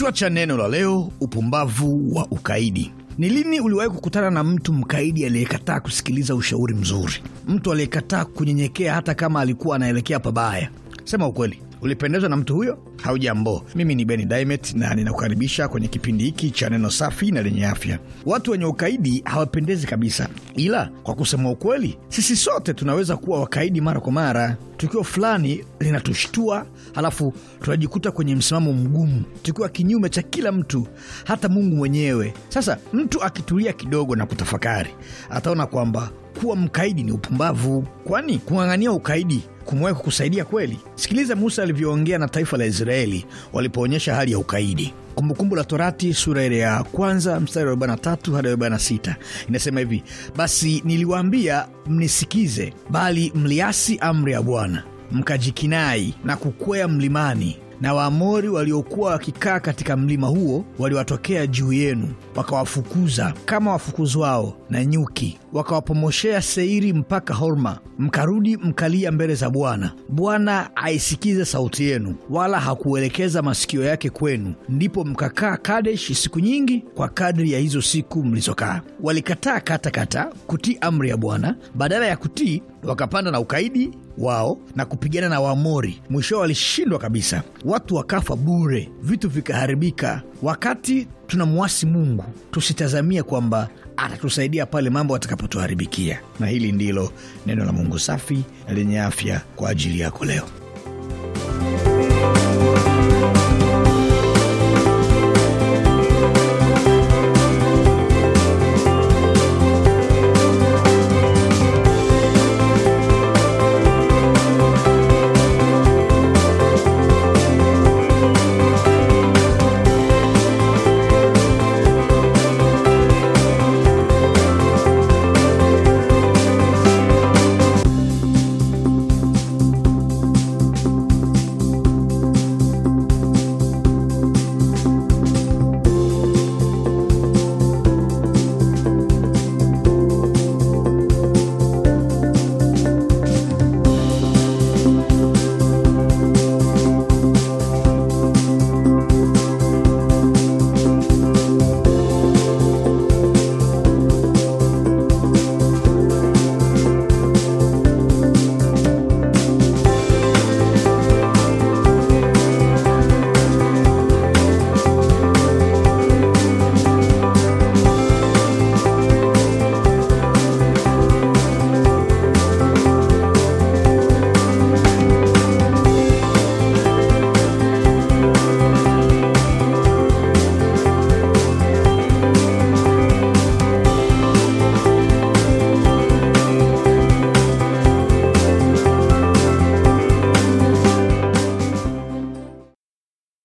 Kichwa cha neno la leo: upumbavu wa ukaidi. Ni lini uliwahi kukutana na mtu mkaidi aliyekataa kusikiliza ushauri mzuri, mtu aliyekataa kunyenyekea hata kama alikuwa anaelekea pabaya? Sema ukweli, ulipendezwa na mtu huyo haujambo mimi ni beni dimet na ninakukaribisha kwenye kipindi hiki cha neno safi na lenye afya watu wenye ukaidi hawapendezi kabisa ila kwa kusema ukweli sisi sote tunaweza kuwa wakaidi mara kwa mara tukio fulani linatushtua halafu tunajikuta kwenye msimamo mgumu tukiwa kinyume cha kila mtu hata mungu mwenyewe sasa mtu akitulia kidogo na kutafakari ataona kwamba kuwa mkaidi ni upumbavu, kwani kung'ang'ania ukaidi kumwahi kukusaidia kweli? Sikiliza Musa alivyoongea na taifa la Israeli walipoonyesha hali ya ukaidi. Kumbukumbu la Torati sura ile ya kwanza mstari wa 43 hadi 46 inasema hivi: basi niliwaambia mnisikize, bali mliasi amri ya Bwana, mkajikinai na kukwea mlimani na Waamori waliokuwa wakikaa katika mlima huo waliwatokea juu yenu, wakawafukuza kama wafukuzwao na nyuki wakawapomoshea seiri mpaka Horma, mkarudi mkalia mbele za Bwana. Bwana aisikize sauti yenu, wala hakuelekeza masikio yake kwenu. Ndipo mkakaa Kadesh siku nyingi, kwa kadri ya hizo siku mlizokaa. Walikataa katakata kutii amri ya Bwana, badala ya kutii wakapanda na ukaidi wao na kupigana na Waamori. Mwishowe walishindwa kabisa, watu wakafa bure, vitu vikaharibika. Wakati tunamwasi Mungu, tusitazamia kwamba atatusaidia pale mambo atakapotuharibikia. Na hili ndilo neno la Mungu safi na lenye afya kwa ajili yako leo.